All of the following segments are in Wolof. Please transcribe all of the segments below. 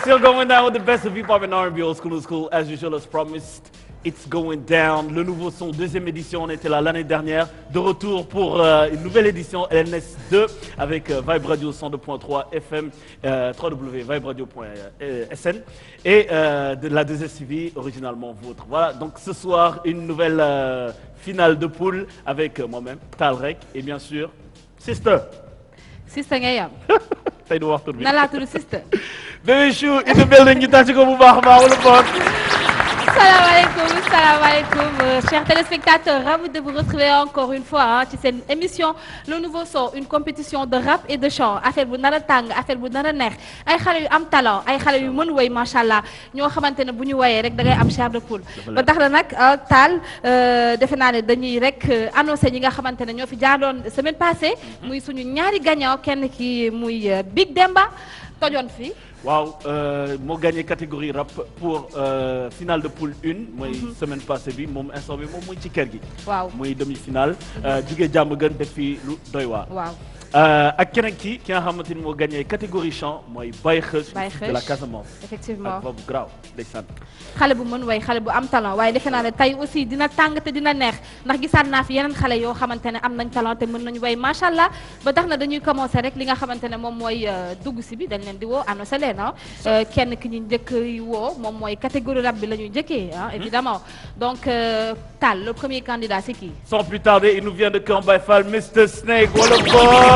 still going down with the best of hip-hop and school, school, as usual, as promised. It's Going Down, le nouveau son, deuxième édition, on était là l'année dernière, de retour pour euh, une nouvelle édition LNS2 avec euh, Vibe Radio 102.3 FM, euh, et euh, de la deuxième CV, originalement vôtre. Voilà, donc ce soir, une nouvelle finale de poule avec moi-même, Talrek et bien sûr, Sister. Sister Gayam. tey du waxtu bi. na laa tudd sister. bébé chou it mel na ñu tàcc ko bu baax a baax wala boog. Salam alaikum, salam alaikum. Euh, chers téléspectateurs, ravi de vous retrouver encore une fois hein, ci émission le nouveau son une compétition de rap et de chant affaire bu nar a affaire bu nar a neex ay xale yu am talent ay xale yu mën woy macha allah ñoo xamante ne bu ñu rek dagay am chair de poule. ba tax na nag euh, Tall euh, defe dañuy rek annoncé ñi nga ne fi jaaroon semaine passée. Mhm. muy suñu ñaari gagnant kenn ki muy Big Demba tojoon fi. Waouh, je gagné la catégorie rap pour la euh, finale de poule 1, la mhm. semaine passée, je suis sorti de la demi-finale. Je suis sorti de la demi-finale, je suis sorti de la demi-finale. Euh, ak keneen ki ki nga xamante ni moo gagné catégorie chant mooy Baye Xeus de la Casamance effectivement ak boobu graaw ndeysaan xale bu mën way xale bu am talent waaye defe naa ne tey aussi dina tàng dina nekh. ndax gisaat naa fi yeneen xale yoo xamante ne am nañ talent te mën nañu way macha allah ba tax na dañuy commencé rek li nga xamante ne moom mooy euh, bi dañ leen di woo annoncé leen ah euh, kenn ki ñu njëkk woo moom mooy catégorie rap bi la ñuy njëkkee ah mm-hmm. évidemment donc tal, le premier candidat c'est qui sans plus tarder il nous vient de Camp Baye Fall Mr Snake wala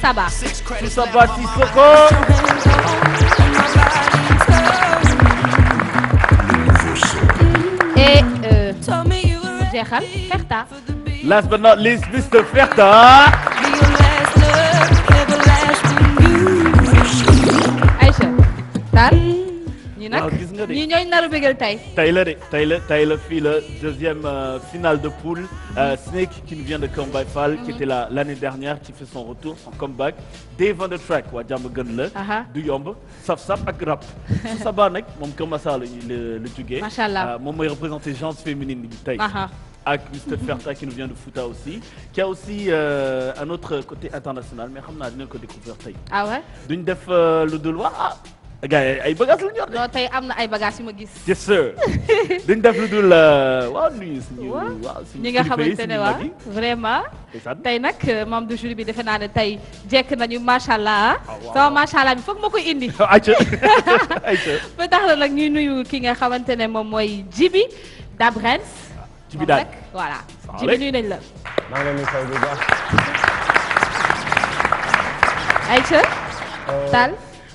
Saba bat. Nous sommes Et euh, Ferta. Last but not least, Mr. Ferta. Aïcha, Tal nga deuxième euh, finale de poule. Euh, mhm. Snake qui nous vient de Cambaye Fall. qui mhm. était là l'année dernière qui fait son retour son comeback. Dave on de track Wadjam Gunle, la. du yomb saf saf ak rap. Ça sabaa mon moom le Massar le la jugee. macha allah euh, moom représenté féminine Ferta qui nous vient de Futa aussi qui a aussi un autre côté international mais on a dinañ ko découvrir Tay. ah ouais duñ def lu gars ay bagages tey am na ay bagages yu ma gis. yes sir duñ def euh, waaw nuyu suñu. waaw suñu ñi nga xam ne waa vraiment. tey nag euh, membre du jury bi defe naa ne tey jekk nañu macha allah. Ah. Ah, sama macha allah bi foog ma koy indi. ayca ayca. ba tax na nag ñuy nuyu ki nga xamante ne moom mooy Jibi Dabrens. Jibi daal voilà Jibi nuyu nañ la. maa ngi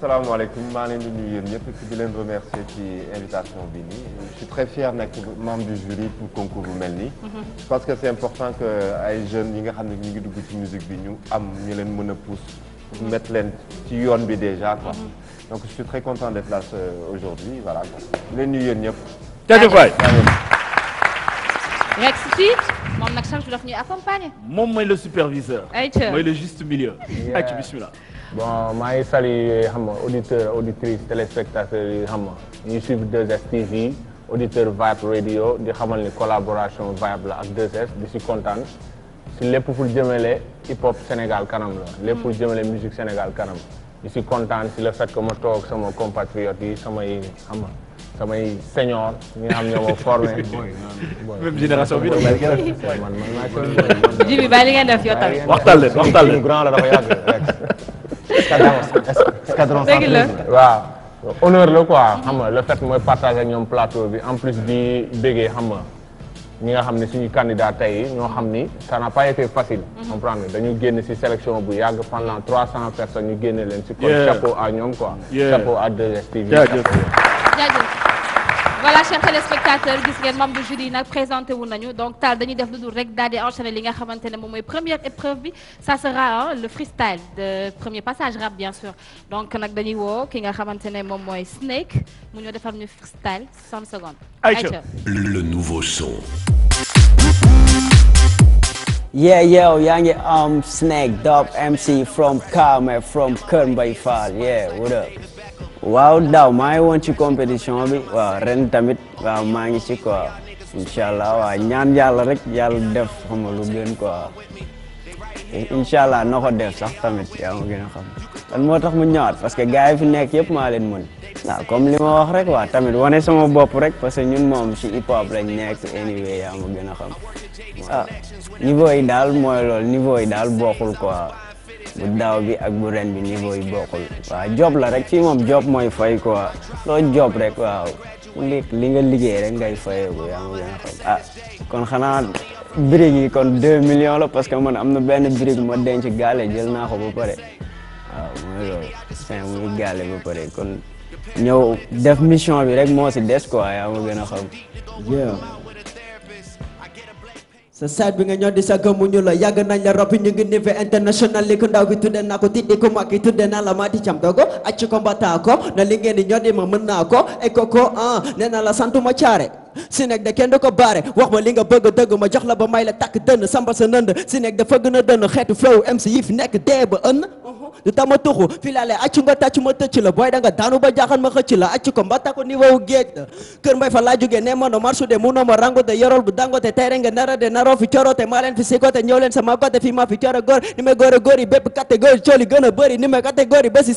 salaamaaleykum maa leen di nuyu yéen ñëpp di leen remercier ci invitation bi nii je suis très fier nekk membre du jury pour concours bu mel nii. Mhm. parce que c'est important que ay jeunes yi nga xam ne ngi dugg ci musique bi ñu am ñu leen mën pousse. pour mhm. mettre leen ci yoon bi déjà quoi. Mhm. donc je suis très content d'être là aujourd'hui voilà quoi di leen nuyu yéen ñëpp. jaajëf waay Rex si moom nag chaque accompagner. moom mooy le superviseur. ayca le juste milieu. ayca bismillah. bon maa ngi saluer xam nga auditeurs auditrices téléspectateurs yi xam nga ñuy suivre 2S TV auditeur Vibe Radio di xamal ni collaboration Vibe la ak 2S di si kontaan si lépp pour jëmale hip hop Sénégal kanam la. lépp pour jëmale musique Sénégal kanam. di si kontaan si le fait que ma toog sama compatriotes yi samay xam nga samay senior ñi nga xam ñoo ma formé. même génération bi dafa bëri man man maa ngi. ji bi bàyyi li ngeen def yow tamit. waxtaan leen waxtaan leen grand la dafa yàgg rek. escadron dëgg la waaw. honneur la quoi xam nga le mooy partager ak ñoom plateau bi en plus di béggee xam nga ñi nga xam ne suñu candidat ñoo xam ni ça n'a pas été facile. Mhm. comprendre dañu génn ci sélection bu yàgg pendant trois cent personnes ñu génne leen. ci kon chapeau à ñoom quoi. chapeau à 2STV. jaajëf jaajëf. voilà chers téléspectateurs gis ngeen membre du jury yi présenté donc taal dañuy def lu rek daal di enchaîner li nga première épreuve bi ça sera hein, le freestyle le premier passage rap bien sûr donc on dañuy woo ki nga xamante ne moom Snake mu ñoo defar le freestyle 60 secondes. Aïcha le nouveau son. yeah yo yaa um, Snake dub MC from Calmer, from Kër by far. yeah what up. waaw daaw maa ngi woon ci compétition bi waaw ren tamit waaw maa ngi ci quoi incha allah waaw ñaan yàlla rek yàlla def xam nga lu gën quoi incha allah ko def sax tamit yaa ma gën a xam lan moo tax mu ñëwaat parce que gars yi fi nekk yëpp maa leen mën waaw comme li ma wax rek waaw tamit wane sama bopp rek parce que ñun moom si hip hop lañ nekk anyway yaa ma gën a xam ah niveau yi daal loolu niveau yi daal bokkul quoi. bu daaw bi ak bu ren bi niveau yi bokkul waaw job la rek fii moom job mooy fay quoi loo job rek waaw li li nga liggéey rek ngay fayeeku yaa ngi gën a ah, kon xanaa brique yi kon deux million la parce man am na benn brique ma denc gaale jël naa ko ba pare waaw mooy loolu fin gaale ba pare kon ñëw def mission bi rek moo si des quoi yaa ngi gën a xam sa saat bi nga ñoo di sa gëmu ñu la yàgg nañ la rap ñu ngi niveau international li ko ndaw gi tudde naa ko tiddi ko mag gi tudde naa cam dogo acc ko mbataa na li ngeen ñoo di ma mën naa ko e ah, nee na la santuma caare si nekk de kenn du ko baare wax ma li nga bëgg dëgg ma jox la ba may la takk dënn sambal sa nënd si nekk fëgg na dënn xeetu flow MC yi fi nekk dee ba ënn uh-huh. du tama tuxu fi laale nga tàcc ma tëcc la booy da nga ba jaaxan ma xëcc la accu ko mba tako niveau géej la kër mbay fa laa jógee ne mano marché de munoo ma rango de yorol bu dangote tey rek nga nara de naroo fi corote maa leen fi sikote ñëw leen sama gote fi maa fi coro góor ni may góor a góor ba si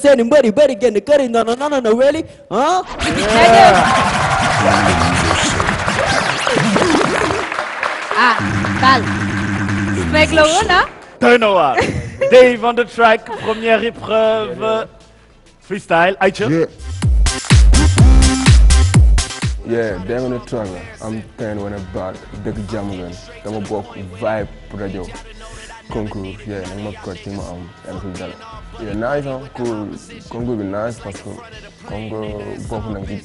avec le haut, là Turnover. Dave on the track, première épreuve. Freestyle. Aïcha. Yeah. yeah, Dave on the track. I'm Ten when I'm back. Dëkk Diamaguène. dama bokk Vibe Radio. concours yeah nag ma ko ci ma am yàlla fi dal yeah nice ah cool concours bi nice parce que comme que bokk nañ ci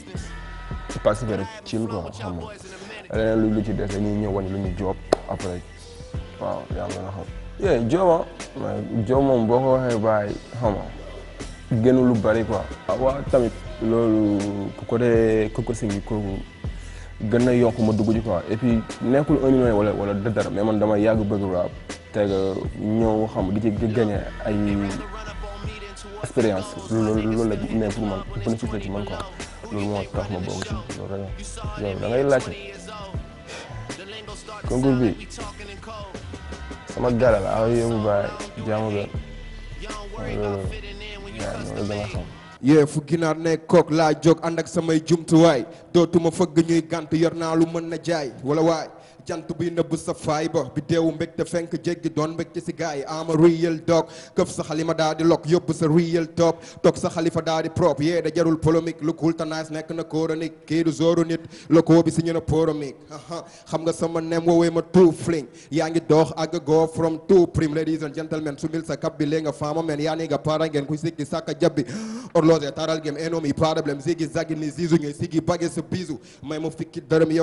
ci participer rek chill quoi xam nga leneen lu lu ci des dañuy ñëw wane lu ñu job après waaw yaa mën a boo ko waxee bàyyi xam nga génn lu bari quoi. Ah, waaw tamit loolu côté Coco Sing kooku gën na yokk ma dugg ji ko et puis nekkul un million wala wala dara mais man dama yàgg bëgg rap te ñëw xam di ci gagné ay expérience loolu loolu la mais pour man bénéfice la man quoi loolu moo tax ma bokk ci loolu rek yow bi. sama galal aw yóbbu ba jàmm gën yee fu ginaar ne kook laa jog ànd ak samay jumtuwaay dootuma fëgg ñuy gànt yor naa lu mën na jaay wala waay. jant bi nëbb sa faay ba bi deewu mbégte fenk jéggi doon mbégte si gaay yi ama real dog këf sa xalima daa di yóbbu sa real top toog sa xalifa daa di yee da jarul polémique lu cool tanaas nekk na koronique kii du zooru nit lokoo bi si ñu na poromique xam nga sama nem woowee ma fling yaa ngi doox ak go from tout prime ladies and gentlemen su mil sa kab bi léegi faama men yaa ni nga para ngeen ku siggi sàkka jabbi orloge taral gem enoom yi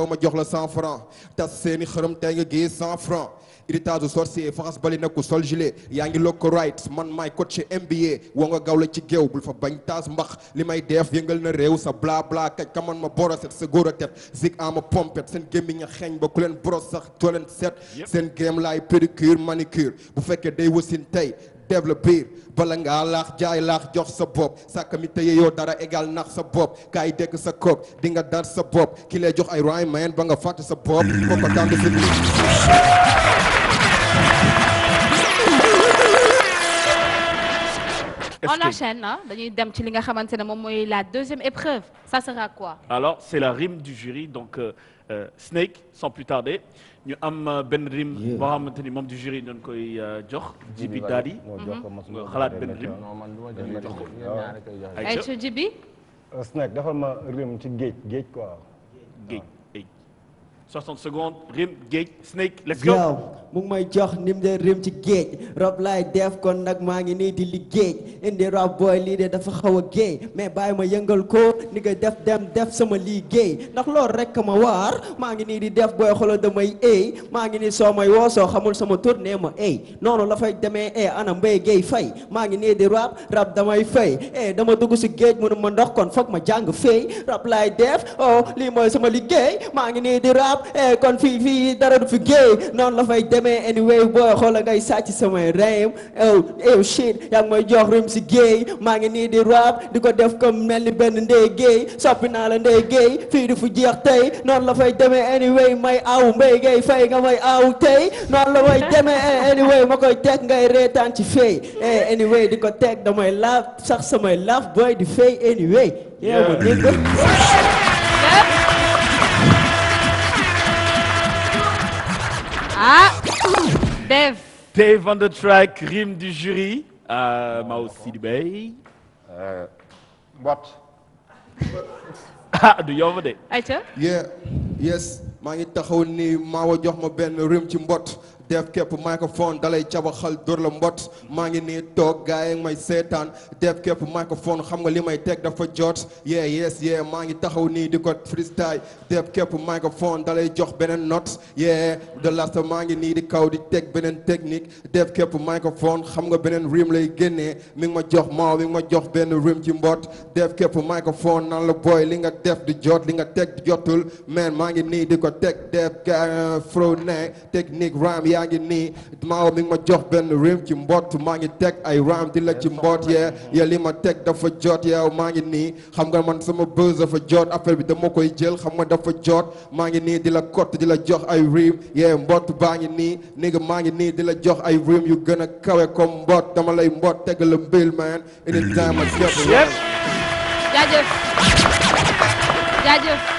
ma jox la cent francs seeni xërëm tey nga gis cent franc héritage u sorcier faxas bali na ku sol gilet yaa ngi lokk right man maay coach NBA woo nga gaw la ci géew bul fa bañ taas mbax li may def yëngal na réew sa bla bla kaj man ma boroset sa góor a tet zig a pompet seen gémmiñ a xeeñ ba ku leen boros sax too leen set seen géem laay pédicure manicure bu fekkee day wasin tey développer Balanga ngaa laax jaay jox sa bopp sàkka mi dara égal nak sa bopp kaay dekk sa kopp di nga dar sa bopp ki lay jox ay roy mayen ba nga fàtte sa bopp kooka tànd on enchaîne hein? dañuy dem ci li nga xamante ne la deuxième épreuve ça sera quoi alors c'est la rime du jury donc euh... Euh, Snake, sans plus tarder. Nous avons euh, Benrim, Ben Rim, membre euh, du jury, nous avons Djok, Djibi Dari, Khalad Ben Rim. Ah. Aïcho Djibi Snake, d'abord, Rim, c'est Gate, Gate quoi. Gate. 60 secondes rim géej snake let's go gaaw mu ngi may jox nim de rim ci géej rab laay def kon nag maa ngi nii di liggéey indi rab booy lii de dafa xaw a géey mais bàyyi ma yëngal ko ni nga def dem def sama liggéey ndax loolu rek ma waar maa ngi nii di def booy xolo damay ay maa ngi nii soo may woo soo xamul sama tournée ma ay noonu la fay demee ay ana mbay géey fay maa ngi nii di rab rab damay fay ay dama dugg si géej mënu ma ndox kon foog ma jàng fay rab laay def oh lii mooy sama liggéey maa ngi nii di rab rap eh, kon fii fii dara du fi géey noonu la fay demee anyway booy xoola ngay sàcc samay réew ew ew shit yaa may jox rim si géey maa ngi nii di rap di ko def comme mel ni benn ndey géey soppi naa la ndey géey fii du fu jeex tey noonu la fay deme anyway may aw mbay ngay fay nga may aw tey noonu la fay demee eh, anyway ma koy teg ngay reetaan ci fay eh anyway di ko teg damay laaf sax samay laaf booy di fay anyway yeah, yeah. Dave van de track Rime du Jury, uh, maar ook CDB. wat? Doe je over dit? Uitje? Yeah, yes. Maar je toch gewoon niet, maar we joh maar ben rim timbot. def képp microphone dalay cabaxal dóor la mbot maa ngi nii toog gaay may seetaan def képp microphone xam nga li may teg dafa jot yee yes yee maa ngi taxaw nii di ko freestyle def képp microphone dalay jox beneen not yee de lasta maa ngi nii di kaw di teg beneen technique def képp microphone xam nga beneen rim lay génnee mi ma jox maaw mi ma jox benn rim ci mbot def képp microphone nan la booy li nga def di jot li nga teg di jotul man maa ngi nii di ko teg def fro yaa ngi nii maaw mi ma jox benn rim ci mboot maa ngi teg ay raam di la ci mboot yee ya li ma teg dafa jot yow maa ngi nii xam nga man sama bës dafa jot affaire bi dama koy jël xam nga dafa jot maa ngi nii di la kott di la jox ay rim yee mboot baa ngi nii ni maa ngi nii di la jox ay rim yu gën a kawe comme mboot dama lay mboot teg la mbil man in a time jaajëf jaajëf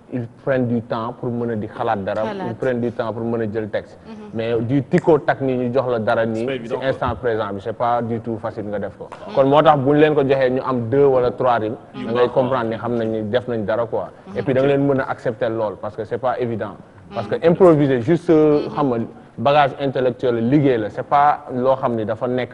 ils prennent du temps pour mener des di ils prennent du temps pour mener a jël texte. Mhm. mais du tico ni du ñu jox la dara ni, instant présent C'est pas du tout facile de faire. ko. Mhm. moi t'as tax bu ñu ko am deux ou trois rimes. Mhm. da ngay comprendre ni xam nañ ni def nañ quoi. et puis da nga leen accepter lool parce que c'est pas évident. parce que improviser juste euh, xam bagage intellectuel légal, c'est pas ce xam ni dafa nekk.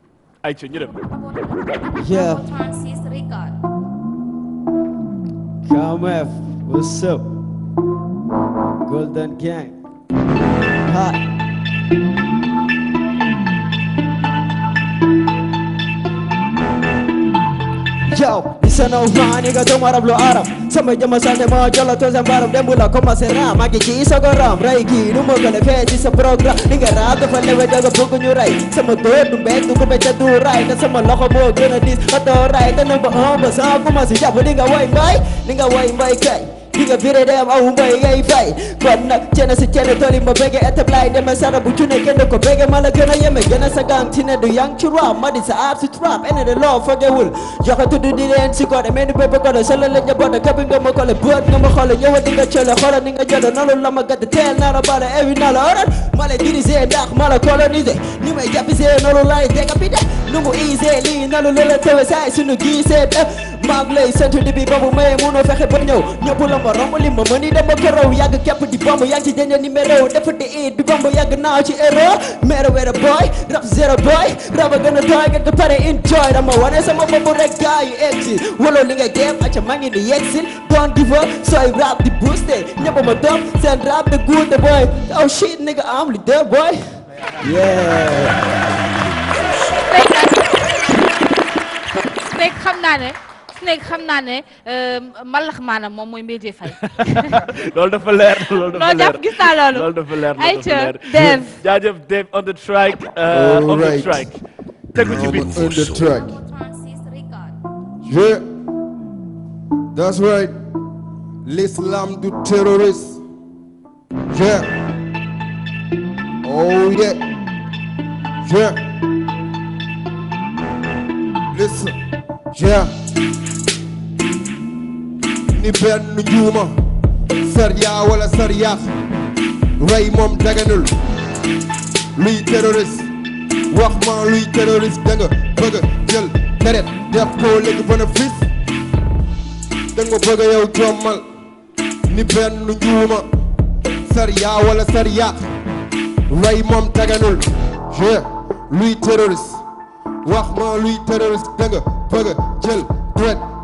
ay ca it dem yeah KMF what's up Golden Gang Hi. Yo, listen up, man, nigga, don't wanna blow Arab. Sama jama sande ma jala to zambaram dem bula koma sera magi ji so garam rai gi numo gale fe ji sa program nigga raat fa le we daga bugu ñu sama to dum be du ko be ta du rai ta sama loxo mo gëna dis ba to rai ta na ba ba sa ko ma si jabu way mbay nigga way mbay kay dinga viré dem aw mbay ngay bay kon nag cene si cene toli ma bege etablay deme sara bu cune kenn ko bege mala gën a yeme gën a sa gang tine du yang ci rap ma di sa aar si trap ene de loo fogewul joxe tudd di leen si kode mel ni bépp kode solo la njaboot kabi nga ma kole boot nga ma xole ñëwa di nga cole xolo ni nga jode nolu la ma teel naa la ewi naa la orat ma la dirigé ndax ma la colonisé ni may jàppisé nolu lay décapité nu mu maag lay sant depuis boobu maye mënoo fexe ba ñëw ma romb li ma mën i dama keroog yàgg képp di bomb yaa ngi ci jënd numéro dafa di it di bomb yàgg naa ci erreur mere wera boy rap zero boy rap a gën a doy nga pare enjoy dama wane sama bopp rek gars yu egg si wala li nga dem acca maa ngi ni yegg si di booster ñëpp ma dom seen rap de good boy oh shit nigga am li dee boy yeah. tey xam naa ne nee xam naa ne euh, mbalax maanaam moom mooy Mbéjé Faye. loolu dafa leer loolu dafa leer loolu gis naa loolu. loolu dafa leer on the track. Euh, on the track. yeah. that's right. l'islam du terrorists. yeah. oh yeah. yeah. listen. Yeah. ni benn njuuma sariya wala sariyaax rey moom daganul luy terroriste wax ma luy terroriste da nga jël deret def ko léegi bénéfice da nga bëgg a yow jommal wala sariyaax rey moom daganul je luy terroriste wax ma luy terroriste da nga jël deret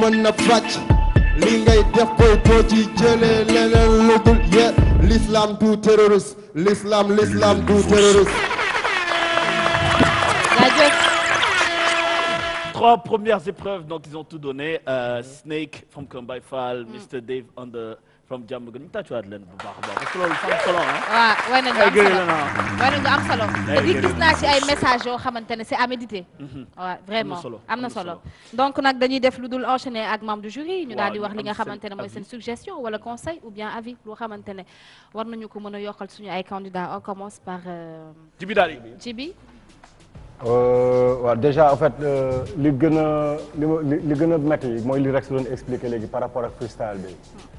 l'islam l'islam l'islam trois premières épreuves donc ils ont tout donné euh, Snake from by Fall Mr Dave on the from jàmm gën ñu tàccuwaat bu baax baax parce que loolu am solo ah. waaw way nañu am solo way nañu am solo. di gis naa ci ay messages yoo xamante ne c'est à méditer. waaw mhm. vraiment am na solo donc nag dañuy def lu dul enchaîner ak membre du jury ñu daal di wax li nga xamante ne mooy seen suggestion wala conseil ou bien avis loo xamante ne war nañu ko mën a yokkal suñu ay candidats on commence par. Euh, Jibi daal Jibi. waaw euh, déjà en fait euh, li gën a li li gën a métti mooy li Rex doon expliqué léegi par rapport ak freestyle bi. Hmm.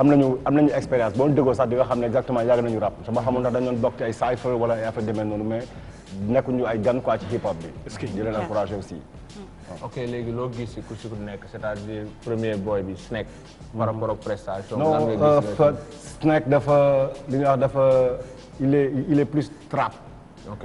am nañu am nañu expérience boo déggoo sax di nga xam ne exactement yàgg nañu rap sama xamul ndax dañu doon bokk ci ay cypher wala ay affaire demee noonu mais nekkuñu ay gan quoi ci hip hop bi. est-ce que di leen mm. ku nekk c'est-à-dire premier boy bi Snack. par mm-hmm. rapport ak prestation. Euh, dafa li nga wax dafa il est il est plus trap. ok.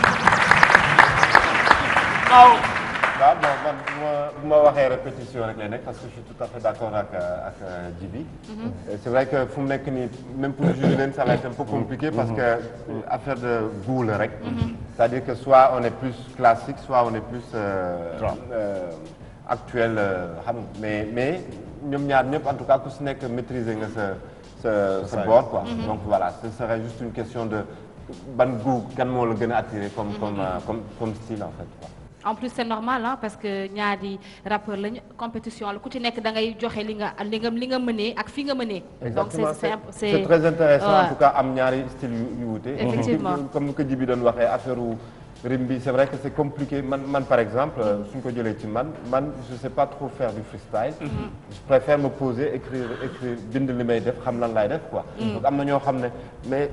waaw waaw bon man bu rek parce que je suis tout à fait d'accord avec avec euh, Djibi. Mhm. c'est vrai que pour les même pour les même ça va être un peu compliqué mhm. parce que mhm. affaire de goût la rek. c'est-à-dire que soit on est plus classique soit on est plus. Euh, euh actuel euh, mais mais ñoom ñaar en tout cas ku si nekk maîtriser nga ce ce, ce bord. quoi. donc voilà ce serait juste une question de ban goût kan moo la gën comme comme euh, comme comme style en fait quoi en plus c'est normal hein, parce que ñaari rappeur compétition Le ku ci nekk da ngay joxe lingam lingam li nga mené ak donc c'est très intéressant en tout cas am ñaari style yu wuute. comme que ko Djibi doon waxé affaire c'est vrai que c'est compliqué man man par exemple mm-hmm. euh, suñ ko jëlee ci man man je sais pas trop faire du freestyle mm-hmm. je préfère me poser écrire écrire bind li may def xam lan lay def quoi mm-hmm. donc am na ñoo mais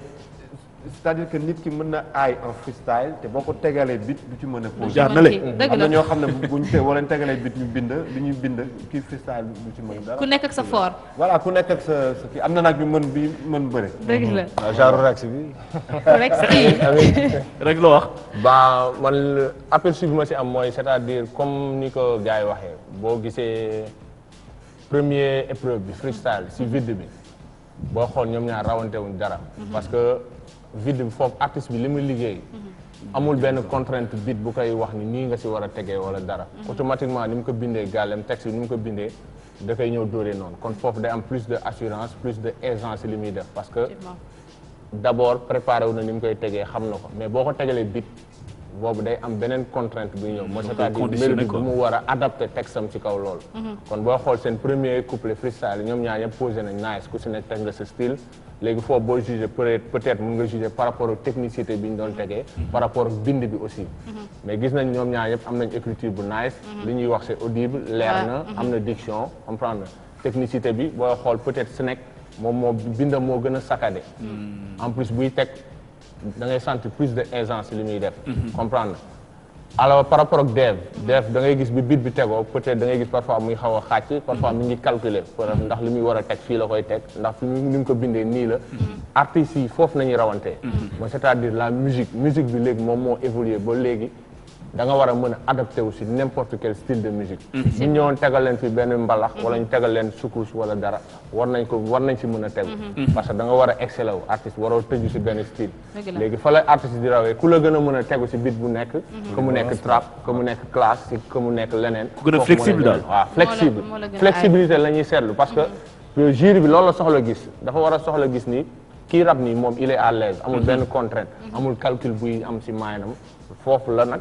c'est-à-dire nit ki mën na aay en freestyle te boo ko tegalee bit du ci mën a posé am na ñoo xam ne buñ te wala tegalee bit ñu bind bi ñuy bind kii freestyle du ci mën dara ku nekk ak sa fort voilà ku nekk ak sa kii am na nag ñu mën bi mën bëre dëgg la waaw mmh. ah, genre rex bi rex rek la ba man aperçu bi ma si am mooy cest comme ni ko gars waxee boo gisee premier épreuve bi freestyle si vide bi boo xool ñoom ñaar rawante dara mmh. parce que vide bi foofu artiste bi li muy liggéey amul benn contrainte bit bu koy wax ni nii nga si war a tegee wala dara automatiquement ni mu ko bindee gàllem texte bi ni mu ko bindee da koy ñëw dóoree noonu kon foofu day am plus de assurance plus de aisance li muy def parce que d'abord préparé wu na ni mu koy tegee xam na ko mais boo ko tegalee bit boobu day am beneen contrainte bu ñëw mooy cest di dire mélodie bu mu war a adapté texte am ci kaw lool mhm. kon boo xool seen premier couplet freestyle ñoom ñaar Les fois, boo jugé peut-être mën nga jugé par rapport aux technicité bien dans le par rapport au bind bi aussi mhm. mais gis nañ que ñaar yëpp am nañ écriture bu nice mhm. li ñuy wax c'est audible leer Amener mhm. am na diction comprendre technicité bi voilà, xool peut-être ce nekk mon moo bindam mon gars a hmm. en plus buy teg da ngay sentir plus de aisance li def comprendre alors par rapport ak dev dev da ngay gis bi bit bi tegoo peut-être da ngay gis parfois muy xaw a xàcc parfois mi ngi calculer ndax li muy war a teg fii la koy teg ndax fi ni mu ko bindee nii la mm-hmm. artistes yi foofu nañuy rawantee mm-hmm. c'est-à-dire la musique musique bi léegi moom moo évolué ba léegi da nga war adapter aussi n'importe quel style de musique mm-hmm. ñu ñoon tegal leen fi ben mbalax wala ñu tegal leen wala dara war nañ ko war nañ si mën a mm-hmm. Mm-hmm. parce que da nga war a wu artiste waro tëju si ben style légui fa la artiste di rawee ku la gëna a mën ci si beat bu nekk comme mu nekk trap comme mu nekk classique comme mu nekk leneen ku gëna flexible dal flexible flexibilité lañuy sétlu parce que jury bi loolu la soxla gis dafa war a soxla gis ni kii rap ni mom il est à l'aise amul ben contrainte amul calcul buy am ci maanam fofu la nak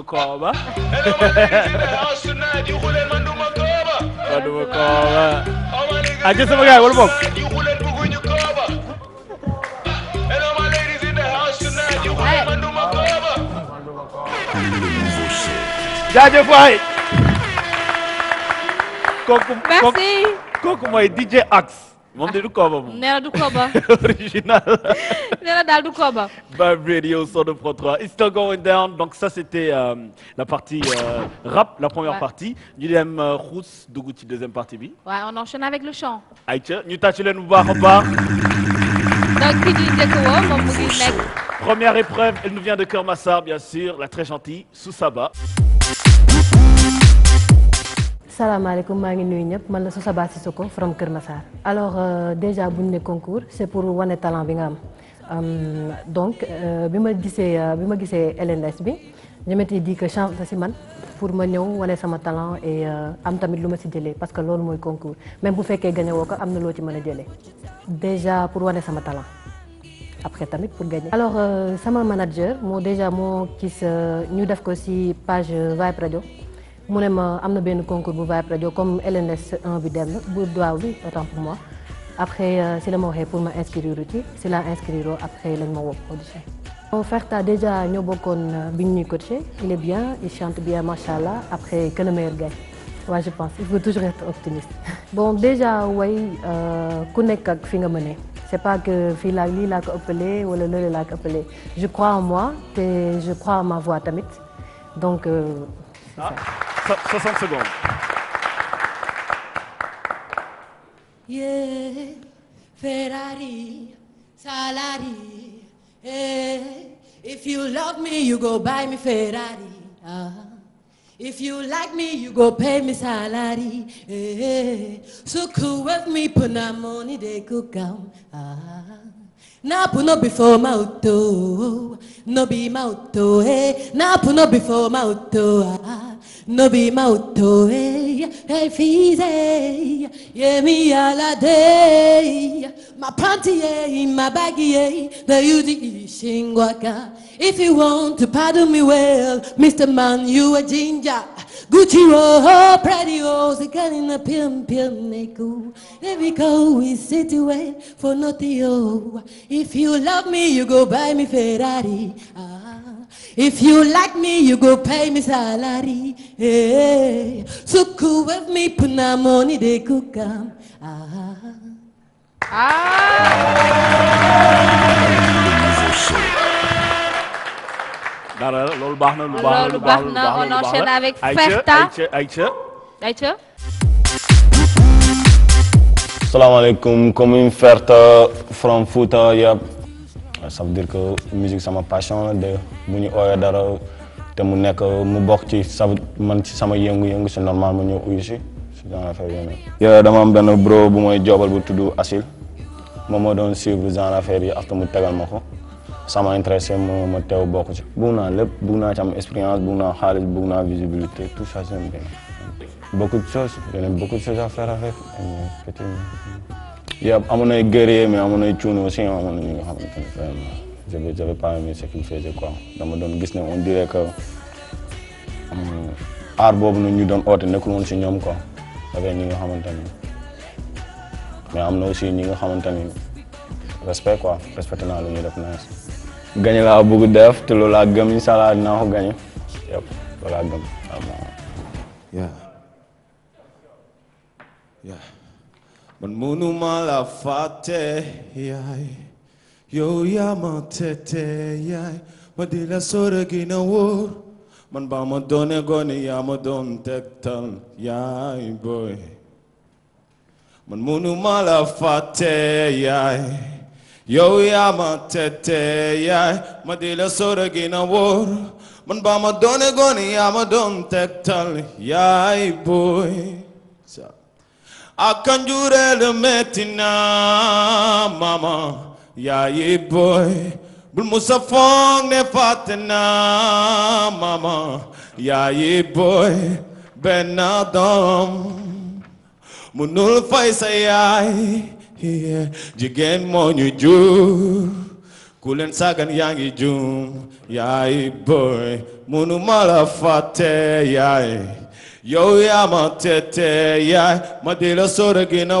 Mandukoba. Hello, my ladies in the house tonight. You will let Mandumakoba. Mandumakoba. Oh, my ladies. I just have a guy. What about? You Hello, my ladies in the house tonight. You will let Mandumakoba. Jaje Fai. Merci. Coco, my DJ Axe. moom de du koba. moom nee du koba. original. nee dal du koba Vibe Radio 3 it's still going down donc ça c'était euh, la partie euh, rap la première partie ñu dem euh, Dougouti, deuxième partie bi. ouais, on enchaîne avec le chant. tia ñu tàcc len bu baax On baax. donc ki dit « njëkk woo mu ngi première épreuve elle nous vient de Kermassar bien sûr la très gentille Sousaba salaamaaleykum maa ngi nuyu ñëpp man la Sosaba Sissoko from Kër Massar. alors euh, déjà bu ñu ne concours c'est pour wane talent bi nga am euh, donc euh, bi ma gisee euh, bi LNS bi je m' étais dit que chance la si man pour ma ñëw wane sama talent et euh, am tamit lu ma si jëlee parce que loolu mooy concours même bu fekkee gagné woo ko am na loo ci mën a déjà pour wane sama talent. après tamit pour gagner. alors sama euh, manager moo déjà moo gis ñu def ko ci page Vibe Radio mu ne ma am na benn concours bu Vibe Radio comme LNS 1 bi dem bu daaw bi autant pour moi après euh, si la ma waxee pour ma inscrire ci si la inscrire après lañ ma woo audition. bon déjà ñoo bokkoon euh, bi ñuy il est bien il chante bien macha allah après que le meilleur gagne waaw je pense il faut toujours être optimiste. bon déjà way euh, ku nekk ak fi nga mënee. c'est pas que fii laa lii laa ko ëppalee wala lële laa ko je crois en moi te je crois en ma voix tamit donc. ah, ça. 60 secondes. Yeah, Ferrari, salary. Hey, eh. if you love me, you go buy me Ferrari. Uh ah. -huh. If you like me, you go pay me salary. Hey, eh. so cool with me, put my money, they could come. Uh ah. -huh. Napu no before mauto, no be mauto, oh. oh, eh. Napu no before mauto, oh, ah. No be mauto, eh. Hey, fize, ye mi ala day. My panty, eh, in my baggy, eh. The udi shingwaka. If you want to pardon me well, Mr. Man, you a ginger. Gucci pretty rose, the gun in a pim pim neko. There we go, we sit away for nothing. Oh. If you love me, you go buy me Ferrari. Ah. If you like me, you go pay me salary. Hey. Eh. So cool with me, put my money, they cook come. Ah. ah. dara loolu baax na lu baax lu baax na on enchaîne avec Ferta Aïcha Aïcha Aïcha salaamaaleykum commune Ferta from Fouta yëpp ça veut dire que musique sama passion la de bu ñu ooyee dara te mu nekk mu bokk ci sa man ci sama yëngu-yëngu c'est normal ma ñëw uyu si si dans l'affaire yooyu dama am benn bro bu mooy joobal bu tudd Asil moom moo doon suivre genre affaire yi ak mu tegal ma ko sama intéressé ma ma teew bokk ci. bëgg naa lépp bëgg naa ci am expérience bëgg naa xaalis bëgg naa visibilité tout a j'aime bien beaucoup de choses yeneen beaucoup de choses à faire avec petit yow amoon nay guerrier amoon nay cuun aussi amoon na ñu nga xamante ne vraiment j'avais j'avais pas aimé ce qu'il faisait quoi dama doon gis ne on dirait que aar hmm, boobu nu ñu doon oote nekkul woon si ñoom ko avec ñi nga xamante ne mais am na aussi ñi nga xamante ni respect quoi respecté naa lu ñuy def naa gañe laa bëgg def te loolu laa gëm incha allah yaa ma tete yaay ma di la gi na wóor man ba ma doone gone yaa ma doon tegtal yaay boy man mënuma la fàtte yaay yow yaa ma tette yaay ma di la sore gi na wóor man ba ma doone gone yaa doon tegtal yaay booy ak kanjureelu metti na mama yaayi booy bul musa foog ne fàtte na mama yaayi booy benn doom munul fay sa yaay Iya, ji'gen mo ñu kulen ku sagan yaa ngi jum yaay boy munu mala la yaay yo ya ma tete yaay ma di la sorgina gina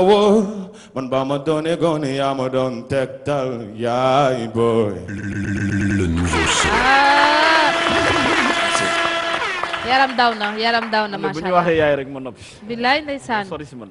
man ba ma doone gone ya ma doon tegtal yaay boy le nouveau yaram daw na yaram daw na macha allah bu ñu waxee yaay rek ma si man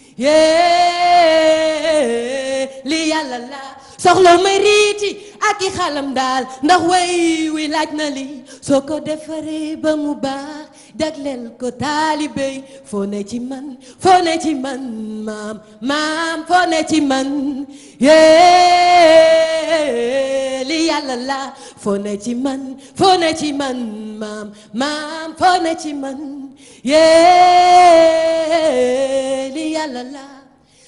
Yeah, li la la. soxlo may riiti ak xalam dal ndax way wi laaj na li soko ko ba mu baax daglel ko fo ne ci man fo ne ci man mam mam fo ne ci man ye li yalla la fo ne ci man fo ne ci man maam mam fo ne ci man ye li yalla la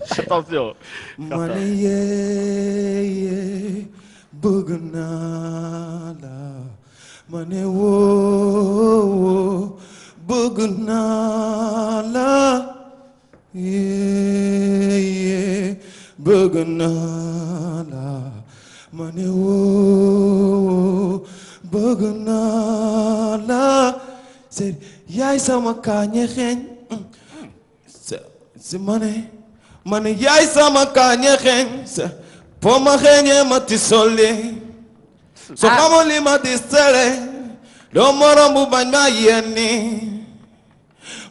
attention. ma ne yee yee bëgg la ma ne woo woo bëgg naa la yee yee bëgg woo woo bëgg naa la yaay sama kaañe xeeñ si ma man yaay sama kaañe xeeñ sa ma xeeñee ma ti solli su ah. li ma ti sere doo morom bu bañ ma yenni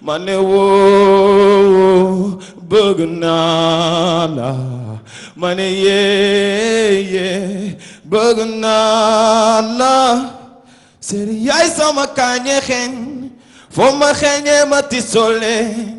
ma ne woo bëgg naa ma ne yéeyée bëgg naa la yaay sama kaañe xeeñ foo ma ti solli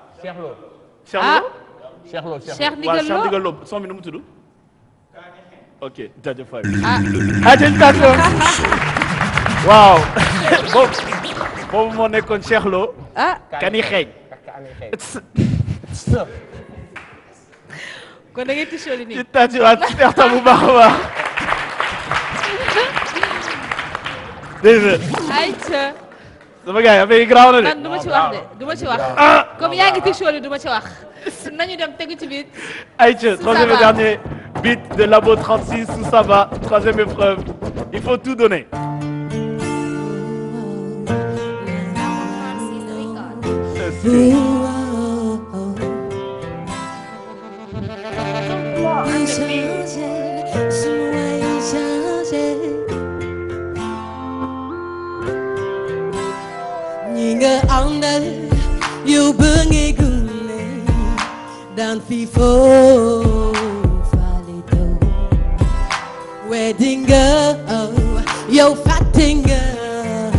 Cheikh Lo. ah Cheikh Cheikh Lo waaw Cheikh Ah bon, bon, ah kani Kani Stop. Quand tu Aïe ça va yi affaire yi garaaw na de. man du ma ci wax de du ma ci wax. Ah! comme yaa ngi ci show du ma ci wax. nañu dem tegu ci biir. Aïcha troisième dernier beat de la Labo 36 ça va. troisième épreuve il faut tout donner. bưng gừng lên đàn phi Wedding girl, yo fat finger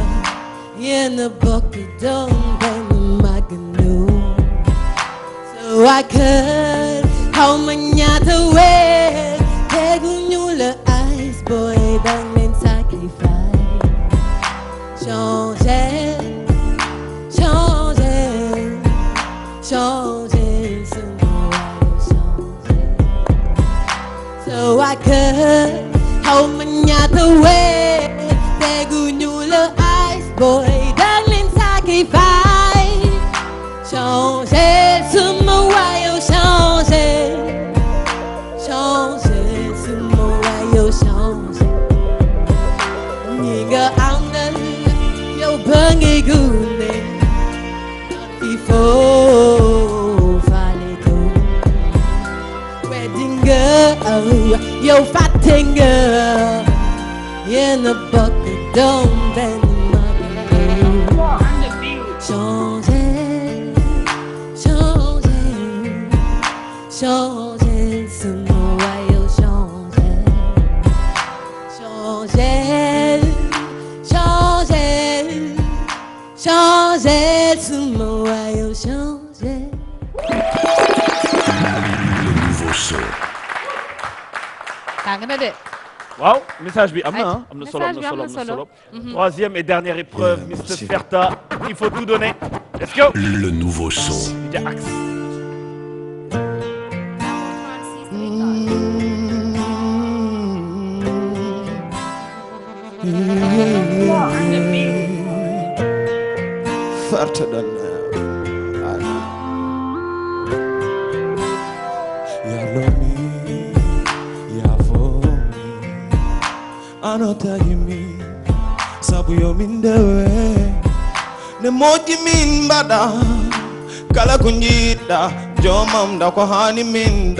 in the bucket don't burn my canoe. So I could hold my nyata away. vội đang lên xa kỳ phái trong sẽ xưa mơ hoa yêu sau sẽ trong sẽ xưa mơ hoa yêu sau sẽ nhìn ngờ áo ngân yêu bơ nghi gù nè khi phố pha lê thù tình girl yêu phát thênh girl yên a bucket dome changer, tout monde royaume changer. Le nouveau son. T'as na Wow, message bien. Amna, amna solo amna solo mhm. troisième et dernière épreuve euh, Mr. Ferta il faut tout donner let's go. le nouveau son. better than them. And you love me, you me. I know that you mean, sabu yo mindewe. Ne moji min bada, kala kunjita, jomam mda hani min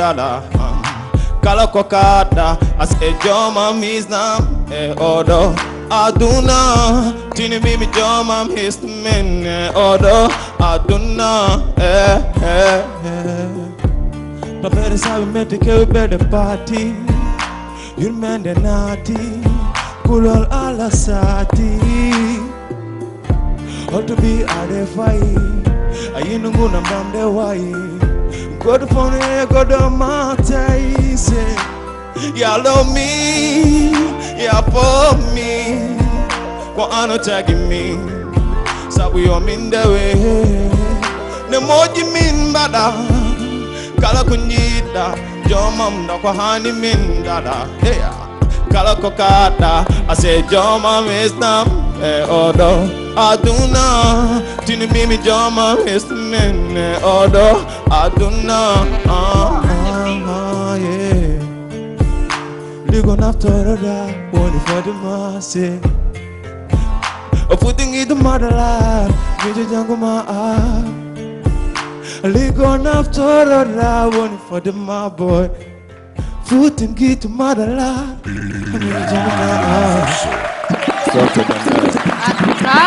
Kala kokata, as a joma miznam, e eh, odo. Aduna Tini bibi jomam histamin Odo Aduna eh, eh, eh. The better sabe me te que better party You're man de nati Kulol ala sati All to be arefai Ayinungu namdamde wai God phone God matai say Ya love me Ya for me kwa tagi mimi sabu yomindewe nemoji min bada kala kunyida joma mda kwa hani min dada yeah. kala kokata ase joma misnam e odo aduna tini mimi joma mismen e odo aduna ah, ah, yeah. Ligon after that, one for the mercy. Oh, puting itu madalar biji gitu jangku maaf Ligon after a round for the my boy Puting itu madalar biji gitu jangku maaf Antuka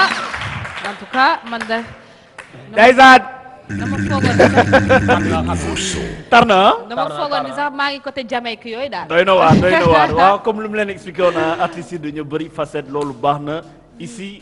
Antuka Mandah Daizat Tarna Nomor fogon isa maa ngi côté Jamaïque yooyu daal doy no wa, doy no wa. Wa comme lu mu leen expliqué artiste yi dañu bëri facette ici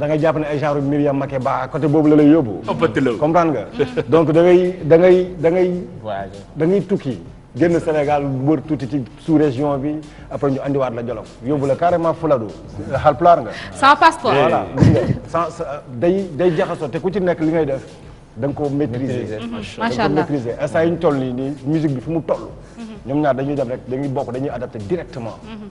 da ngay jàpp ne ay genre Myriam Makeba côté boobu la lay yóbbu. comprendre nga. donc da ngay da ngay da ngay. da ngay tukki. génn Sénégal wër tuuti ci sous région bi après ñu andiwaat la Jolof yóbbu la carrément Fuladu Haalpulaar nga. sans passeport voilà sans day day jaxasoo te ku ci nekk li ngay def da nga koo maîtriser. macha allah da nga ko maîtriser instant yi ñu toll nii musique bi fu mu toll. Mhm. ñoom ñaar dañuy dem rek dañuy bokk dañuy adapté directement. Mhm.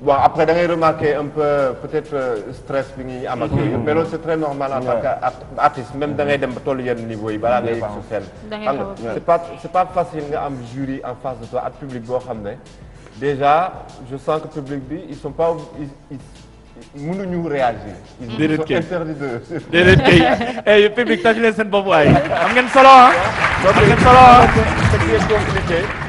bon après da ngay remarquer un peu peut-être euh, stress bi ñuy am ak mm-hmm. mais c'est très normal en tant qu'artiste même da ngay dem ba niveau il balaa ngay yëg mm-hmm. su c'est pas c'est pas facile nga am jury en face de toi ak public boo xam déjà je sens que public bi ils sont pas ils mënuñu réagir. Mm-hmm. déedéet kay ils sont interdits de. déedéet kay eh public tàcc leen seen am ngeen solo hein? am ngeen solo ah. c'est compliqué.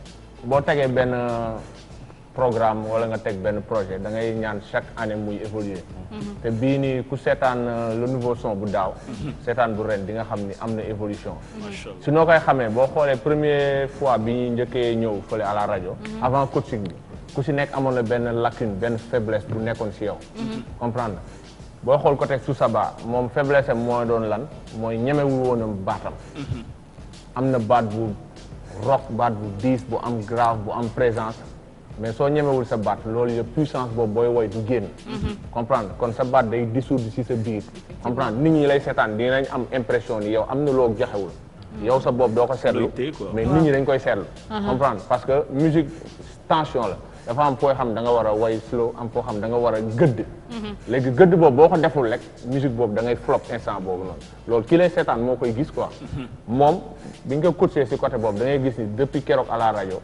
boo tegee benn programme wala nga teg benn projet da ngay ñaan chaque année muy évoluer mhm. te bii nii ku seetaan euh, le nouveau son bu daaw seetaan bu ren di nga xam ni am na évolution si noo koy xamee boo xoolee première fois bi njëkkee ñëw fële à la rajo mhm. avant coaching bi ku si nekk amoon na benn lacune benn faiblesse bu nekkoon si yow mhm. comprendre boo xool ko teg su saba moom faiblesse am mooy doon lan mooy ñemewul woonam baatam am na baat bu rock baat bu diis bu am grave bu am présence mais soo ñemewul sa baat loolu yëpp puissance boobu booy woy du génn comprendre kon sa baat day dissoudre ci sa biir comprendre nit ñi lay seetaan dinañ am impression ni yow am na loo joxewul yow sa bopp doo ko seetlu mais nit ñi dañ koy seetlu comprendre parce que musique tension la dafa am foo xam da nga war a way slow am foo xam da nga war a gëdd. léegi gëdd boobu boo ko deful rek musique boobu da ngay flop instant boobu noonu loolu ki lay seetaan moo koy gis quoi. moom bi nga ko coaché si côté boobu da ngay gis ni depuis keroog à la rajo.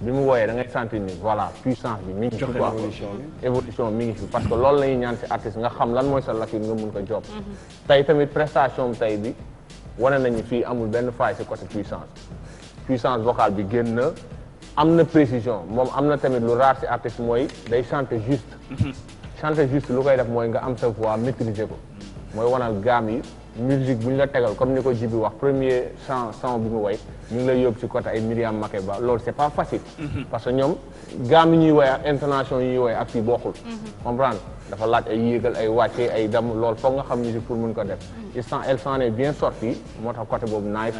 bi mu wooyee da ngay sentir ni voilà puissance bi mi ngi. joxe évolution bi évolution mi ngi fi parce que loolu la ñuy ñaan si artiste nga xam lan mooy sa lacune nga mun ko job mhm. tey tamit prestation tey bi wane nañu fii amul benn faille si côté puissance puissance vocale bi génn na. amna précision mom amna tamit lu rare ci artiste moy day chanter juste mhm. chanter juste lu koy def suis nga am sa voix maîtriser ko musique buñ la comme niko wax premier chant chant bi way ñu Miriam Makeba c'est pas facile mhm. parce que ñom gam ñuy ak ñuy ak mhm. comprendre dam musique pour elle s'en est bien sortie côté nice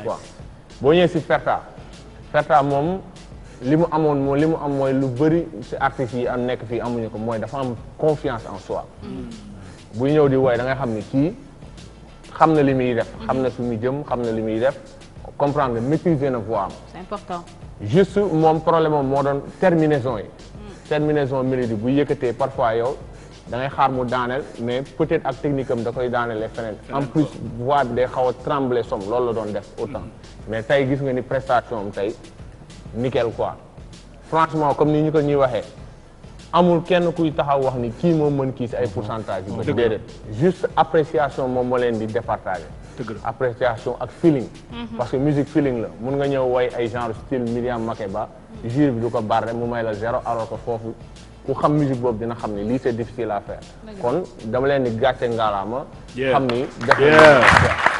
Ferta Ferta limu amone mo limu am moy lu bëri ci artiste yi am nek fi amuñu ko moy dafa am confiance en soi mm. bu ñëw di way da nga xamni ki xamna xam def xamna suñu jëm xamna na def comprendre nga maîtriser na voix c'est important juste mon problème mo moo doon terminaison yi mm. terminaison mélodie bu yëkëté parfois yow da ngay xaar mu daaneel mais peut-être ak technique am da koy daaneele feneen en plus voix bi day xaw a trembler som loolu la doon def autant mm. mais tey gis nga ni prestation am tey nickel quoi franchement comme ni ñu ko ñuy waxee amul kenn kuy taxaw wax ni kii moom mën kii si ay pourcentage yu bëri déedéet juste appréciation moom moo leen di départager appréciation ak feeling mhm. parce que musique feeling la mun nga ñëw woy ay genre style Miriam Makeba ba bi du ko barre mu may la zéro alors ko foofu ku xam musique boobu dina xam ni lii c'est difficile à faire kon dama leen di gàcce ngaalaama xam ni def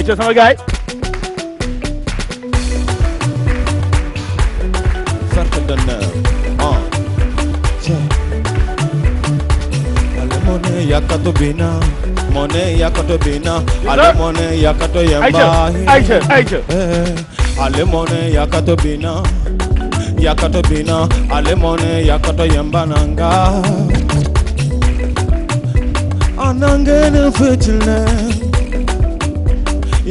ay ca sama gaay sarta d'honneur ah ale mone yakato bina mone yakato bina ale mone yakato yamba ay ca ay ca ale mone yakato bina yakato bina ale mone yakato yamba nanga anangene fetile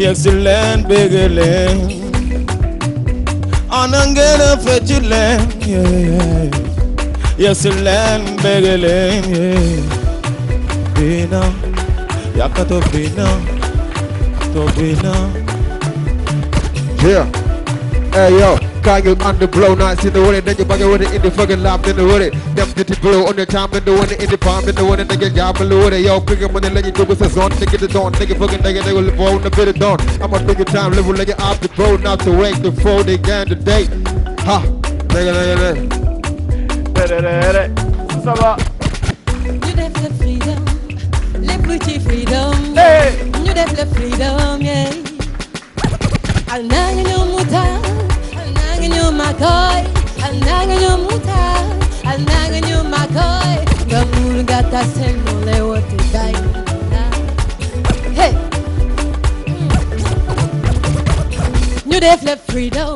excellent begelen, anangena fetile yeah yeah excellent begele yeah bina yakato bina to bina yeah hey yo Car you on the blow, not in the wood, then you bugger with it in the fucking lap in the wood. Them did blow on the time in the one in the palm in the one and they get job in the wood. Yo, quicker when they let you do what's his take it the dawn, Take it fucking nigga, they will live on the bit of dawn. I'm going to take bigger time, live like it off the road, not to wait before they get the date. Ha, nigga, nigga, nigga. Ça va. You have the freedom, les petits freedom. Hey. You have the freedom, yeah. Al-Nayin al-Mutar. 안나그녀 막거이 안나그녀 못하 안나그녀 막거이 거물 같아 생물에 어디다이 Hey! New day flip freedom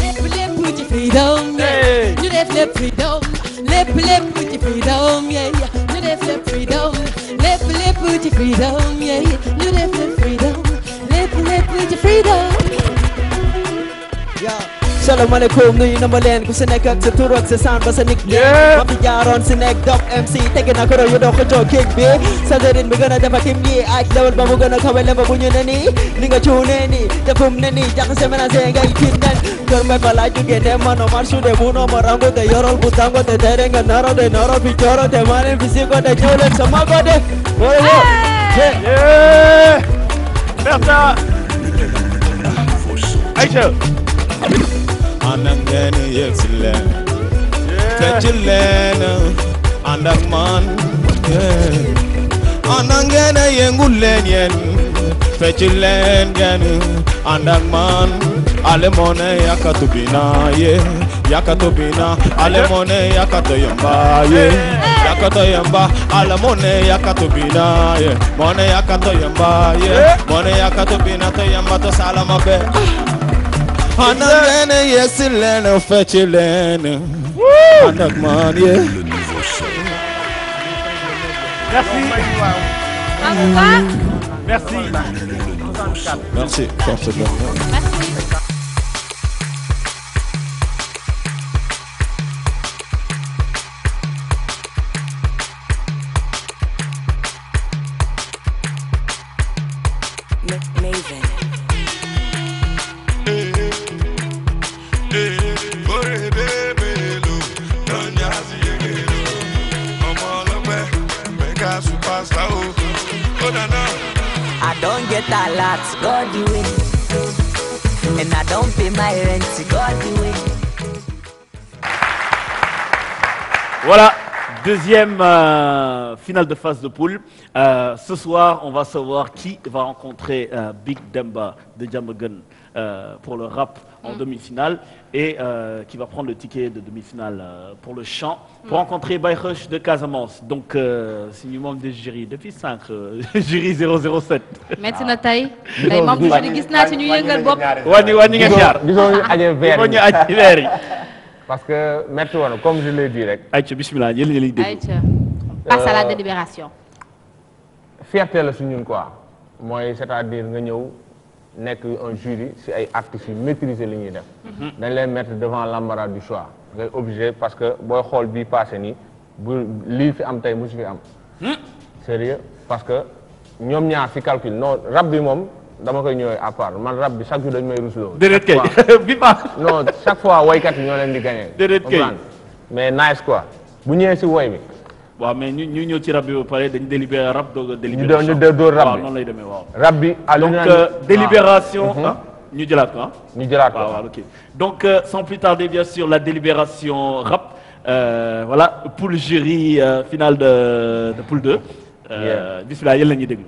Lip with your freedom yeah. New day flip freedom Lip lip with your freedom yeah, New day flip freedom Lip lip with your freedom yeah, New day flip freedom Lip lip with your freedom Yeah. salaamaaleykum nuyu na ma leen ku si nekk ak sa tur ak sa sant ba sa nit mam di jaaroon si nekk dog MC teg na ko yu dox xëccoo kéeg bi sa dërin bi gën a defa yi ak lewal ba mu gën a kawe bu ñu ne nii ni nga cuunee nii defum ne nii jaxase menacé ngay kiin nen kër ma fa laa jógee ne marsu de bu noo ma yorol bu tango de tere nga naro de naro fi jooro de maanen fi sigo de joolen sama go de wowo Bertha Aïcha አነንገን የብስለ ከጅለን አንዳክማን አናንገነ የንጉለን የን ፈችለን ገን አንዳክማን አለሞነ ያካቱቢናዬ ያካቱቢና አለሞነ ያካቶየምባዬ yakatoyemba ala mone yakatubina ye mone yakatoyamba ye mone yakatubina toyamba to salama be Anagene, yes, Merci. Merci. Merci. Merci. Merci. pay my rent, God the way. Voilà, Deuxième finale de phase de poule. ce soir, on va savoir qui va rencontrer Big Demba de Jamagan pour le rap en demi-finale et qui va prendre le ticket de demi-finale pour le chant pour rencontrer Bayrush de Casamance. Donc, c'est une membre de jury depuis 5, jury 007 parce que merci. comme je l'ai dit rek. ayca bismillah, yéen a ngi passe à la euh, délibération. fierté la su quoi Moi, c'est-à-dire nga ñëw nekk un jury C'est ay artistes qui maîtriser les ñuy def. Mhm. dañ leen mettre devant l'embarras du choix ngay obligé parce que booy xool bii passé nii bu lii fi am tay musu fi am. Hmm? sérieux parce que ñom ñaar fi calcul non rabbi mom dama koy ñëwee à part man rab bi chaque jour dañ may rusloo. déedéet kay bi pas. non chaque fois way kat ñoo leen di gagner déedéet kay mais nice quoi bu ñëwee ci way bi. wa mais ñu ñu ñëw ci rab bi ba pare dañu délibéré rab doog a. délibéré ñu doon ñu rab bi lay démé wa rab bi donc euh, délibération. Mhm. Ah, ñu jëlat ko ah. ñu jëlaat ko wa ok donc euh, sans plus tarder bien sûr la délibération rap euh, voilà pour le jury finale de de poule 2. Euh, bisimilah yéen la ñuy déglu.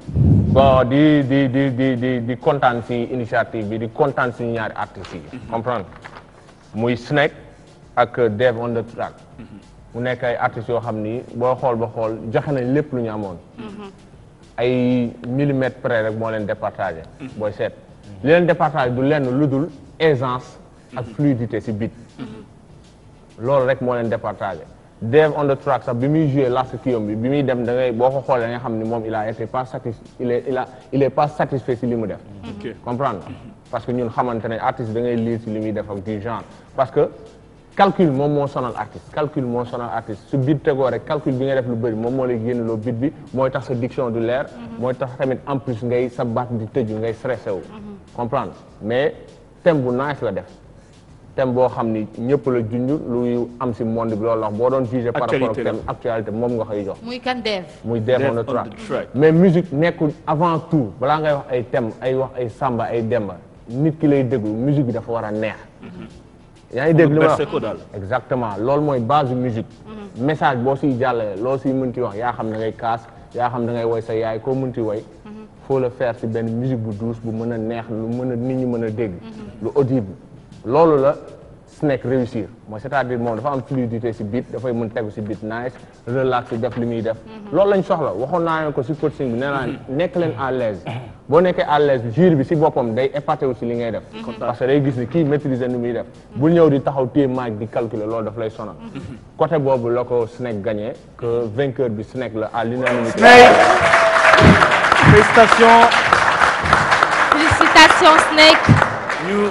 bon di di di di di di kontaan si initiative bi di kontaan si ñaari artistes yi. Mhm. comprendre muy Snake ak Dave on the track. Mhm. mu nekk ay artistes yoo xam ni boo xool ba xool joxe nañ lépp lu ñu amoon. Mhm. ay millimètres près rek moo leen départagé. booy seet li leen départagé du lenn lu dul aisance. ak fluidité si beat. loolu rek moo leen départagé. Dave on the track sax bi muy joué last kiyom bi bi muy dem da ngay boo ko xoolee nga il a été pas satisfait, il est il a il est pas satisfait si lui mu def. comprendre parce que ñun xamante ne artiste da ngay lire si li muy def ak du genre parce que calcul mon mon sonal artiste calcul mon sonal artiste su bit tegoo rek calcul bi ngay def lu mon mon les lay génn loo bit bi mooy tax sa diction du leer. Mhm. mooy tax tamit en plus ngay sa baat di tëju ngay stressé mhm. comprendre mais thème bu nice la def thème ni la am monde bi par rapport thème actualité mais musique avant tout ngay thème ay samba ay demba nit ki lay musique bi dafa neex. exactement base musique. Mhm. message boo siy jàllale loo siy mënti wax yaa xam ngay kaas yaa xam ngay woy mhm. faut le faire si musique bu douce bu neex lu mhm. audible. loolu la snack réussir mooy c'est-à-dire moom dafa am fluidité ci beat dafay mën tegu ci beat nice relax def li muy def mhm. loolu lañ soxla waxoon naa leen ko ci coaching bi nee naa mhm. nekk leen à l'aise mhm. boo nekkee à l'aise jur bi ci boppam day épaté wu ci li ngay def parce que day gis ni kii maîtriser ni muy def bul ñëw di taxaw téye maag di calculer loolu daf lay sonal côté boobu la ko snack gagné que vainqueur bi snack la à ne félicitations félicitations snack ñu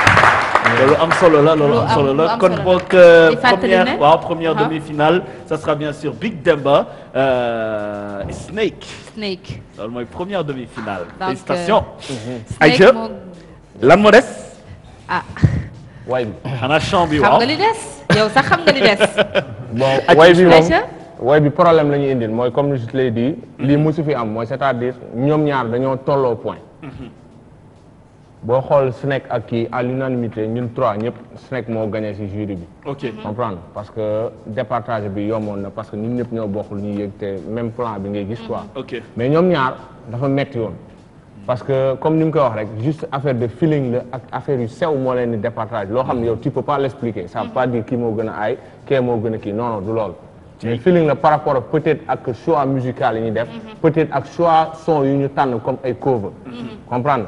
loolu am solo la loolu solo la kon boog euh, première waaw première ah. demi-finale ça sera bien sûr Big Demba euh, et Snake. Snake loolu mooy première demi-finale. félicitations. Euh, mhm. Aïcha lan moo ah. waay bi xanaa champ bi waaw xam nga li des yow sax xam nga li des. bon waay bi problème la ñuy indil comme je te l'ai dit. lii mosu fi am mooy c'est-à-dire ñoom ñaar dañoo tolloo point. Mhm boo xool Snake ak qui à l'unanimité ñun trois ñëpp Snake mo gagné ci jury bi. ok mhm. comprendre parce que départage bi yomone mon, parce que ñun ñep ñoo bokul ñu yëg même plan bi ngay gis quoi. Mhm. ok mais ñom ñaar dafa metti woon. parce que comme nous mu koy wax rek juste affaire de feeling la ak affaire yu sew mo leen départage lo xamni yow tu peux pas l'expliquer ça veut mhm. pas dire ki mo gëna ay est mo gëna ki non non du lool mais feeling la par rapport peut-être ak choix musical yi ñuy def. peut-être ak choix son yu ñu tann comme ay cover. comprendre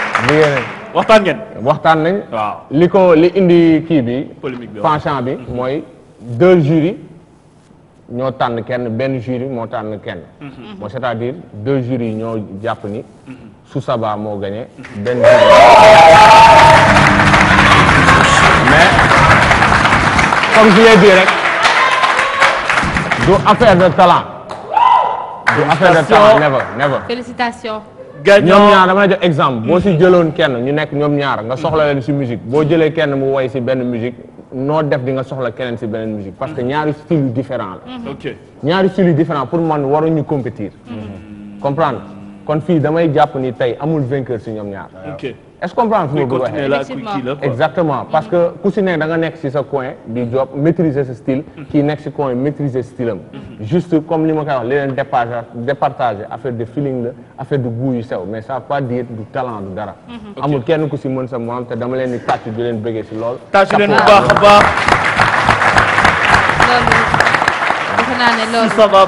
bi ngeen waxtaan ngeen. waxtaan nañ. waaw li ko li indi kii bi. polémique bi penchant bi mhm. mooy deux jurys ñoo tànn kenn benn jury moo tànn kenn. Mhm. mooy c'est-à-dire deux jurys ñoo jàpp ni. Mhm. Sousaba moo gagné. benn jury mais comme je l'ai dit rek du affaire de talent. du affaire de talent never never. félicitations. gay ñoom ñaar a jox exemple boo si jëloon kenn ñu nekk ñoom ñaar nga soxla leen si musique boo jëlee kenn mu woy si benn musique noo def di nga soxla keneen si beneen musique parce que ñaari style yu différent la mm-hmm. ok ñaari style yu différent pour man waruñu compétir mm-hmm. comprendre kon fii damay jàpp ni tey amul vainqueur si ñoom ñaar est-ce qu'on comprend fi continuer la kii exactement parce que cuisiner dans un da coin du job maîtriser ce style qui mhm. nekk si coin maîtriser style mhm. juste comme les ma koy wax li leen départage affaire de feeling à affaire de goût yu mais ça pas dire du talent du dara mhm. amul kenn ku si mën sa moom te dama leen di tàcc di leen bëggee si lool tàcc leen bu baax a ça va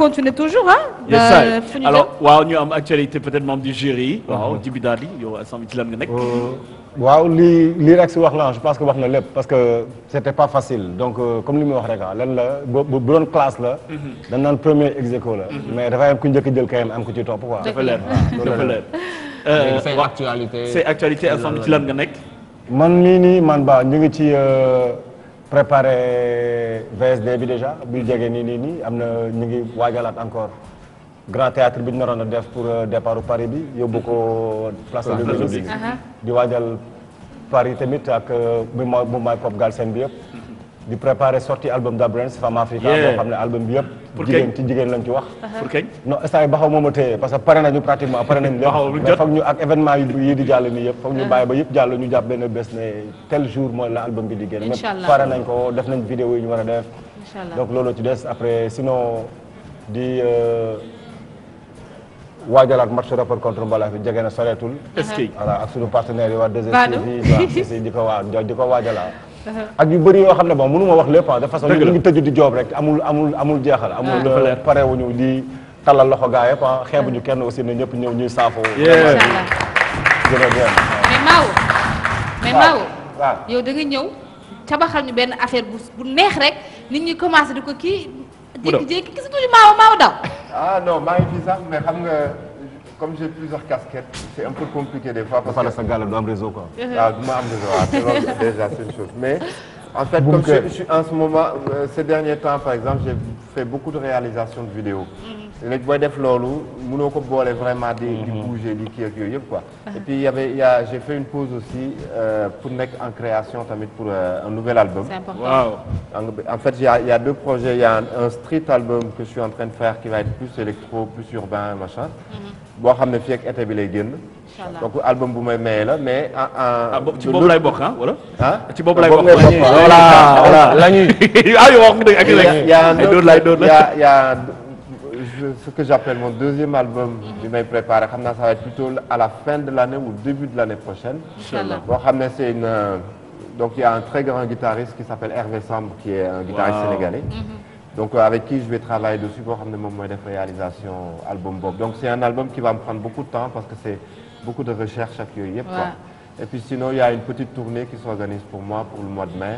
Continue toujours, hein? yes bah, alors waaw ñu am actualité peut-être membre du jury. waaw Djibi bidali, yo, assemblée ci lan nga nekk. Euh, waaw li li rek wax la je pense que wax na lépp parce que c'était pas facile donc euh, comme li muy wax rek ah, lan la bu doon classe la. Mhm. dañ naan premier ex mhm. mais dafay am ku njëkk jël kayam am ku ci topp quoi. dafa leer dafa leer. Euh, c'est actualité. c'est actualité assemblée ci lan nga nekk. man mii nii man ba ñu ngi ci préparé VSD bi déjà bu jege nii nii nii am ngi waajalaat encore grand théâtre bi ñu naroon a def pour euh, départ u Paris bi yóbbu ko place de l'Obélisque di waajal Paris tamit ak euh, mouvement Pop Galsen bi yëpp di préparer sorti album Da Brains Femme Africa boo xam ne album bi yëpp. pour jigéen ci jigen lañ ci wax. Uh-huh. pour kañ non estay baxaw momo té parce que pare nañu pratiquement pare nañu. baxaw lu jot ñu ak événement yu yi di jall ni yëpp. foog ñu uh-huh. baye ba yëpp jall ñu japp ben bes né tel jour mooy la album bi di gën mais allah pare nañ ko def nañ vidéo yi ñu wara def inshallah donc lolo ci dess après sinon di. Euh, waajalaat match rapport contre mbala fi jege na soreetul. est-ce que voilà ak suñu partenaire yi wa deuxième stv di ko diko wa diko waajalaa. ak yu bëri yoo xam ne bon mënu ma wax lépp ah, de façon ñu ngi tëju di joob rek amul amul amul jeexal amul ah, euh, parewuñu di talal loxo gaa yëpp ah, xeebuñu kenn aussi ne ñëpp ñëw ñuy saafo gën a bien mais yow da ñëw tabaxal ñu benn affaire bu bu neex rek nit ñi commencé di ko kii jékki-jékki gis tuuti Maodo daw maa ngi fii sax mais xam nga comme j'ai plusieurs casquettes, c'est un peu compliqué des fois. Parce que sa doit réseau quoi. Ah, ah, c'est déjà une chose. Mais en fait, comme je, suis en ce moment, euh, ces derniers temps par exemple, j'ai fait beaucoup de réalisations de vidéos. Mhm. Les booy def loolu nous ko vraiment di di mhm. bouger di qui quoi ah. et puis y avait y j'ai fait une pause aussi euh, pour nekk en création tamit pour euh, un nouvel album Wow. en fait y y a deux projets Il y a un, street album que je suis en train de faire qui va être plus électro plus urbain machin Bon, je me fii ak été bi lay donc album bu may maye la mais en Tu ah, boobu lay bokk ah wala ah ci boobu lay bokk voilà voilà la ñuy ah il ak lay doon lay Il y a ce que j'appelle mon deuxième album du mhm. may préparé ça va être plutôt à la fin de l'année ou début de l'année prochaine une euh, donc il y a un très grand guitariste qui s'appelle Hervé Sambre qui est un guitariste sénégalais mhm. donc euh, avec qui je vais travailler dessus pour ramener mon de de réalisation album Bob. donc c'est un album qui va me prendre beaucoup de temps parce que c'est beaucoup de recherches à et puis sinon il y a une petite tournée qui s'organise pour moi pour le mois de mai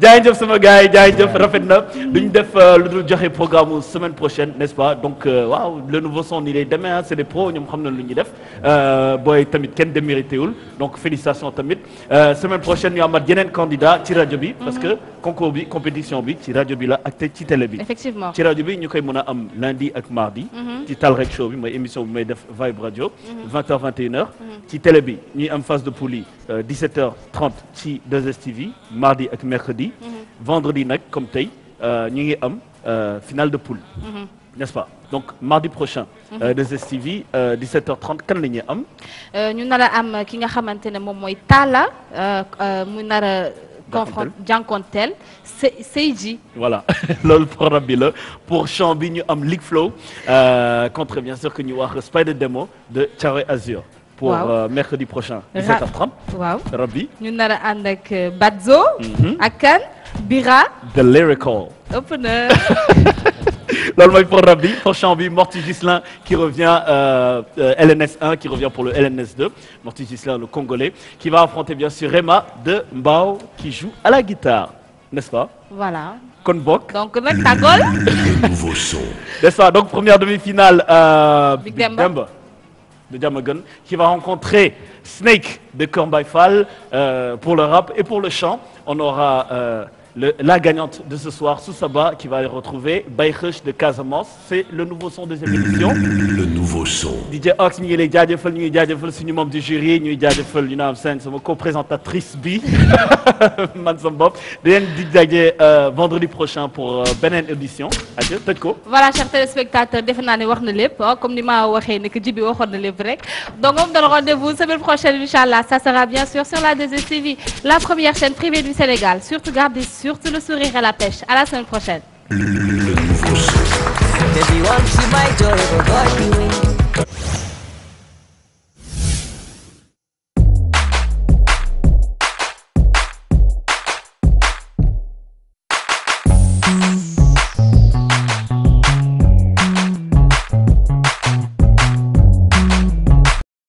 jaay c'est sama gars yi jaay Rafetna. rafet Nous euh, lu le def la semaine prochaine n'est-ce pas donc euh, le nouveau son il est demain hein, c'est les pros nous xam le lu Bon, def euh, booy tamit Ken de donc félicitations tamit semaine prochaine nous avons un candidat ci la parce que mhm. concours compétition bi ci bi la ak télé effectivement ci nous bi ñu lundi et mardi. Mhm. ci Tal Rek Show émission de Vibe Radio. 20h mhm. 21h. ci télé bi avons phase de poulie. 17h30 euh, ci 2STV mardi et mercredi. Mhm. vendredi comme tey euh, ñu ngi am euh, finale de poule. Mhm. n'est-ce pas donc mardi prochain. 2STV 17h30 quand la ñuy nous ñu nar am ki nga xamante ne que mooy Talla mu voilà l'ol programme pour champ bi ñu am League Flow contre bien sûr que ñu wax de Demo de Thiaroye Azure pour euh, mercredi prochain. 17h30. Wow. Rabbi. ñu nar avec ak euh, Badzo. Mhm. Akan, Bira. The Lyrical. Opener. L'Allemagne pour Rabbi prochain bi Morty Gislin qui revient euh, euh LNS 1 qui revient pour le LNS 2 Morty Gislin le Congolais qui va affronter bien sûr Rema de Mbao qui joue à la guitare n'est-ce pas. voilà. Convoque. Donc, mec, ta gueule. Le nouveau son. N'est-ce pas? Donc, première demi-finale. Euh, Big Big Demba de Diamagun, qui va rencontrer Snake de by euh, pour le rap et pour le chant. On aura... Euh, le, la gagnante de ce soir, Soussaba, qui va les retrouver, Bayrush de Casamance. C'est le nouveau son de cette émission. Le nouveau son. DJ Ox, ñu ngi lay jaajëfal ñu ngi c'est suñu membre du jury ñuy jaajëfal ñu naan seen sama co-présentatrice bi man sama bopp di euh, vendredi prochain pour euh, beneen édition. adieu tëj ko. voilà chers téléspectateurs je vous ne wax na ah, comme ni ma waxee ne que Djibi waxoon na vrai. donc on vous donne rendez-vous semaine prochaine Inch'Allah. ça sera bien sûr sur la DZTV, la première chaîne privée du Sénégal surtout gardez surtout le sourire à la pêche. À la semaine prochaine.